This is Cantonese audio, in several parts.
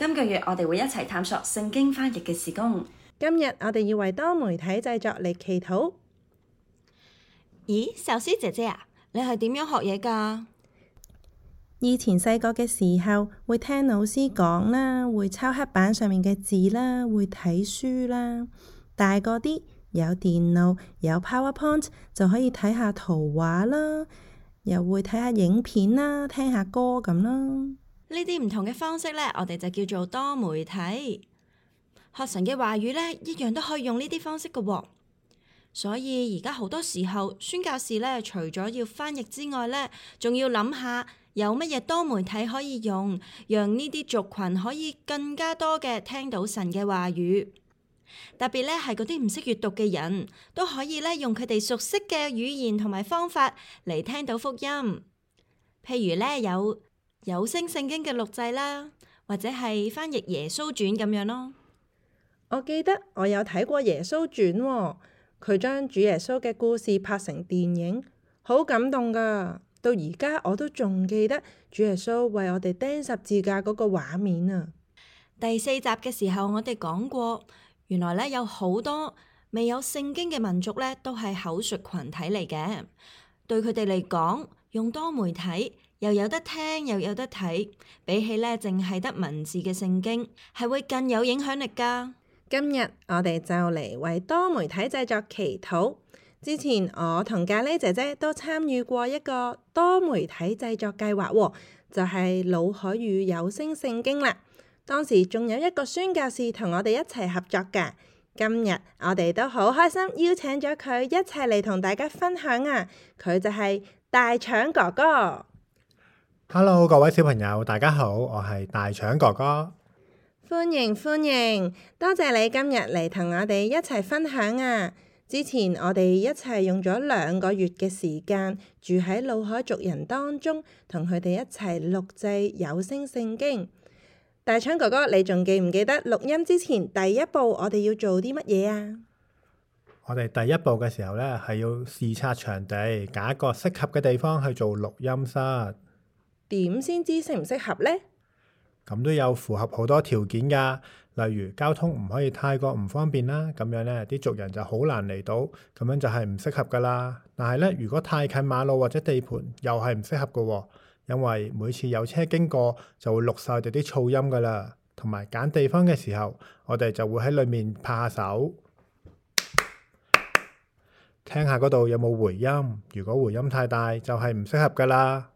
今個月我哋會一齊探索聖經翻譯嘅事工。今日我哋要為多媒體製作嚟祈禱。咦，壽司姐姐啊，你係點樣學嘢噶？以前細個嘅時候會聽老師講啦，會抄黑板上面嘅字啦，會睇書啦。大個啲有電腦有 PowerPoint 就可以睇下圖畫啦，又會睇下影片啦，聽下歌咁啦。呢啲唔同嘅方式咧，我哋就叫做多媒體。學神嘅話語咧，一樣都可以用呢啲方式嘅喎。所以而家好多時候，宣教士咧，除咗要翻譯之外咧，仲要諗下有乜嘢多媒體可以用，讓呢啲族群可以更加多嘅聽到神嘅話語。特別咧係嗰啲唔識閱讀嘅人都可以咧，用佢哋熟悉嘅語言同埋方法嚟聽到福音。譬如咧有。有聲聖經嘅錄製啦，或者係翻譯耶穌傳咁樣咯。我記得我有睇過耶穌傳喎，佢將主耶穌嘅故事拍成電影，好感動噶。到而家我都仲記得主耶穌為我哋釘十字架嗰個畫面啊。第四集嘅時候，我哋講過，原來咧有好多未有聖經嘅民族咧，都係口述群體嚟嘅。對佢哋嚟講，用多媒體。又有得聽，又有得睇，比起咧淨係得文字嘅聖經，係會更有影響力噶。今日我哋就嚟為多媒體製作祈禱。之前我同咖喱姐姐都參與過一個多媒體製作計劃，就係、是、魯凱語有聲聖經啦。當時仲有一個宣教士同我哋一齊合作嘅。今日我哋都好開心邀請咗佢一齊嚟同大家分享啊！佢就係大腸哥哥。Hello，各位小朋友，大家好，我係大腸哥哥。歡迎歡迎，多謝你今日嚟同我哋一齊分享啊！之前我哋一齊用咗兩個月嘅時間住喺魯凱族人當中，同佢哋一齊錄製有聲聖經。大腸哥哥，你仲記唔記得錄音之前第一步我哋要做啲乜嘢啊？我哋第一步嘅時候咧，係要視察場地，揀一個適合嘅地方去做錄音室。點先知適唔適合呢？咁都有符合好多條件噶，例如交通唔可以太過唔方便啦，咁樣呢啲族人就好難嚟到，咁樣就係唔適合噶啦。但係呢，如果太近馬路或者地盤，又係唔適合噶，因為每次有車經過就會錄晒哋啲噪音噶啦。同埋揀地方嘅時候，我哋就會喺裏面拍下手， 聽下嗰度有冇回音。如果回音太大，就係唔適合噶啦。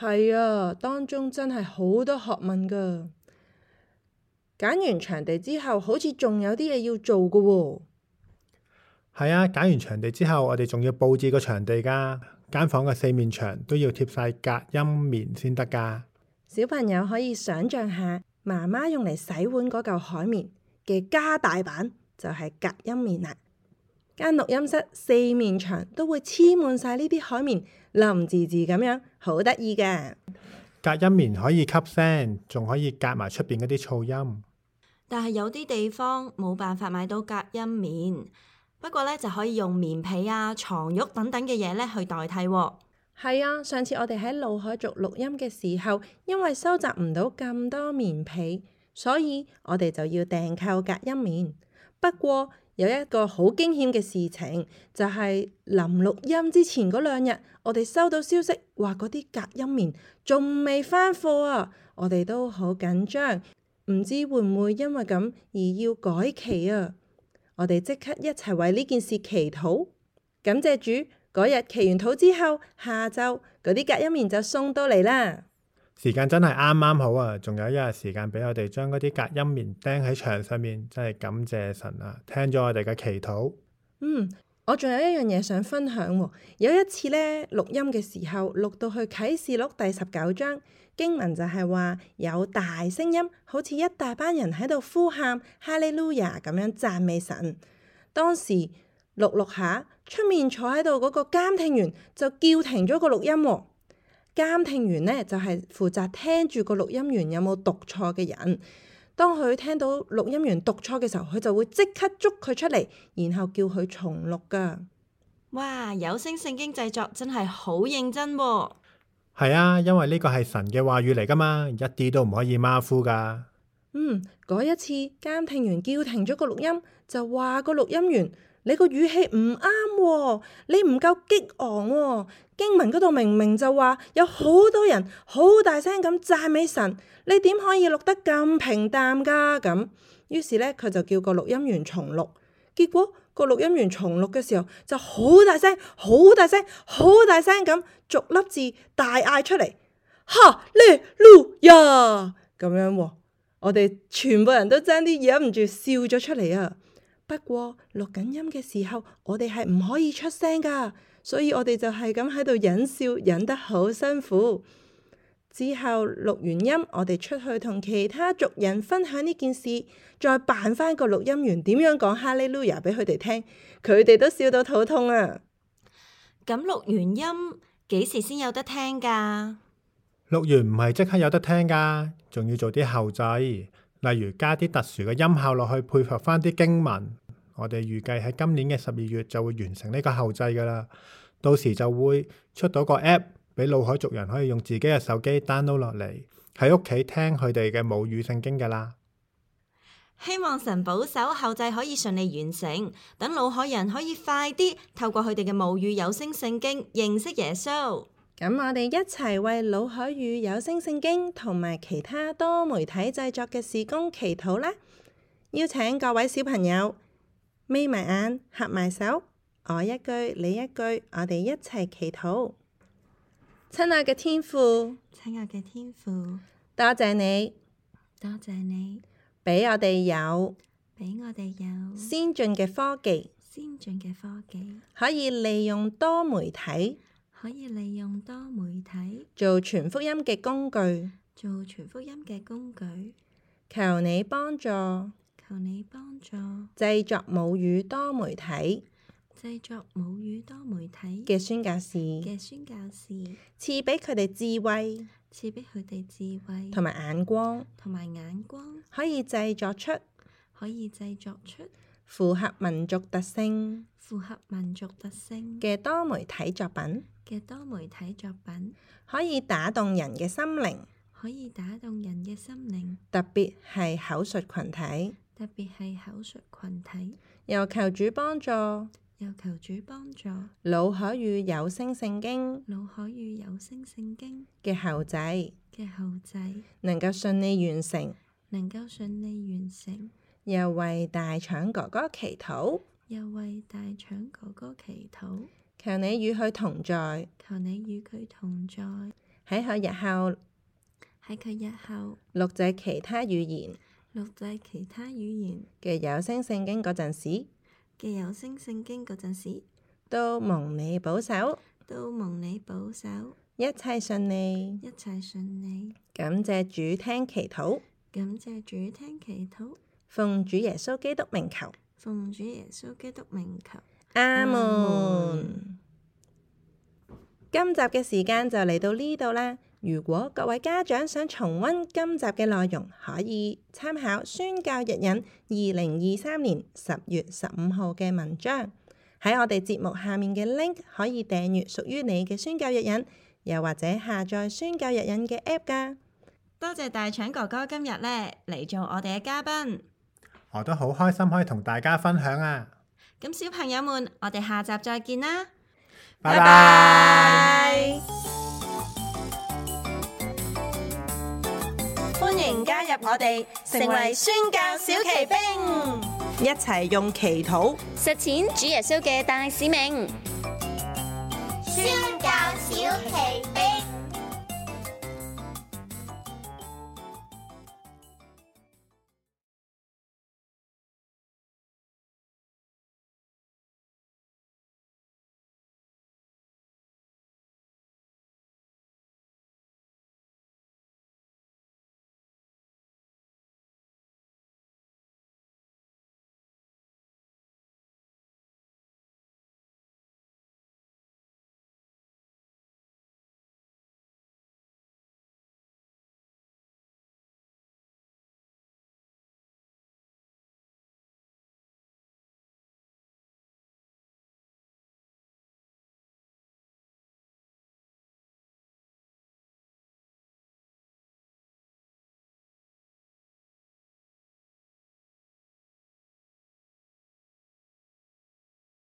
係啊，當中真係好多學問㗎。揀完場地之後，好似仲有啲嘢要做㗎喎、哦。係啊，揀完場地之後，我哋仲要佈置個場地㗎、啊。間房嘅四面牆都要貼晒隔音棉先得㗎。小朋友可以想像下，媽媽用嚟洗碗嗰嚿海綿嘅加大版就係隔音棉啦。間錄音室四面牆都會黐滿晒呢啲海綿，淋字字咁樣，好得意嘅。隔音棉可以吸聲，仲可以隔埋出邊嗰啲噪音。但係有啲地方冇辦法買到隔音棉，不過咧就可以用棉被啊、床褥等等嘅嘢咧去代替啊。係啊，上次我哋喺魯凱族錄音嘅時候，因為收集唔到咁多棉被，所以我哋就要訂購隔音棉。不過，有一個好驚險嘅事情，就係臨錄音之前嗰兩日，我哋收到消息話嗰啲隔音棉仲未返貨啊！我哋都好緊張，唔知會唔會因為咁而要改期啊！我哋即刻一齊為呢件事祈禱，感謝主。嗰日祈禱完禱之後，下晝嗰啲隔音棉就送到嚟啦。時間真係啱啱好啊！仲有一日時間俾我哋將嗰啲隔音棉釘喺牆上面，真係感謝神啊！聽咗我哋嘅祈禱。嗯，我仲有一樣嘢想分享喎。有一次呢，錄音嘅時候錄到去啟示錄第十九章經文就，就係話有大聲音，好似一大班人喺度呼喊哈利路亞咁樣讚美神。當時錄錄下，出面坐喺度嗰個監聽員就叫停咗個錄音喎。監聽員呢就係、是、負責聽住個錄音員有冇讀錯嘅人，當佢聽到錄音員讀錯嘅時候，佢就會即刻捉佢出嚟，然後叫佢重錄噶。哇，有聲聖經製作真係好認真喎、啊。係啊，因為呢個係神嘅話語嚟噶嘛，一啲都唔可以馬虎噶。嗯，嗰一次監聽員叫停咗個錄音，就話個錄音員。你個語氣唔啱喎，你唔夠激昂喎、哦。經文嗰度明明就話有好多人好大聲咁讚美神，你點可以錄得咁平淡噶？咁於是咧，佢就叫個錄音員重錄。結果個錄音員重錄嘅時候就好大聲，好大聲，好大聲咁逐粒字大嗌出嚟。哈利路亞！咁樣、哦，我哋全部人都爭啲忍唔住笑咗出嚟啊！不過錄緊音嘅時候，我哋係唔可以出聲噶，所以我哋就係咁喺度忍笑，忍得好辛苦。之後錄完音，我哋出去同其他族人分享呢件事，再扮翻個錄音員，點樣講哈利路亞俾佢哋聽，佢哋都笑到肚痛啊！咁錄完音，幾時先有得聽噶？錄完唔係即刻有得聽噶，仲要做啲後製，例如加啲特殊嘅音效落去，配合翻啲經文。我哋預計喺今年嘅十二月就會完成呢個後製噶啦，到時就會出到個 App 俾魯凱族人可以用自己嘅手機 download 落嚟喺屋企聽佢哋嘅母語聖經噶啦。希望神保守後製可以順利完成，等魯凱人可以快啲透過佢哋嘅母語有聲聖經認識耶穌。咁我哋一齊為魯凱語有聲聖經同埋其他多媒體製作嘅事工祈禱啦！邀請各位小朋友。眯埋眼，合埋手，我一句，你一句，我哋一齊祈禱。親愛嘅天父，親愛嘅天父，多謝你，多謝你，俾我哋有，俾我哋有先進嘅科技，先進嘅科技可以利用多媒體，可以利用多媒體做傳福音嘅工具，做傳福音嘅工具，求你幫助。求你幫助製作母語多媒體，製作母語多媒體嘅宣教士，嘅宣教士賜俾佢哋智慧，賜俾佢哋智慧，同埋眼光，同埋眼光可以製作出可以製作出符合民族特性符合民族特性嘅多媒體作品嘅多媒體作品可以打動人嘅心靈，可以打動人嘅心靈，特別係口述群體。特別係口述群體，又求主幫助，又求主幫助，魯凱語有聲聖經，魯凱語有聲聖經嘅後仔，嘅後仔能夠順利完成，能夠順利完成，又為大腸哥哥祈禱，又為大腸哥哥祈禱，求你與佢同在，求你與佢同在，喺佢日後，喺佢日後錄製其他語言錄製其他語言嘅有聲聖經嗰陣時，嘅有聲聖經嗰陣時，都蒙你保守，都蒙你保守，一切順利，一切順利。感謝主聽祈禱，感謝主聽祈禱，奉主耶穌基督名求，奉主耶穌基督名求，名求阿門。今集嘅時間就嚟到呢度啦。如果各位家長想重温今集嘅內容，可以參考《宣教日引》二零二三年十月十五號嘅文章。喺我哋節目下面嘅 link 可以訂閱屬於你嘅《宣教日引》，又或者下載《宣教日引》嘅 app 噶。多謝大腸哥哥今日咧嚟做我哋嘅嘉賓，我都好開心可以同大家分享啊！咁，小朋友們，我哋下集再見啦，拜拜 Bye。Bye bye 加入我哋，成為宣教小騎兵，一齊用祈禱實踐主耶穌嘅大使命。宣教小騎兵。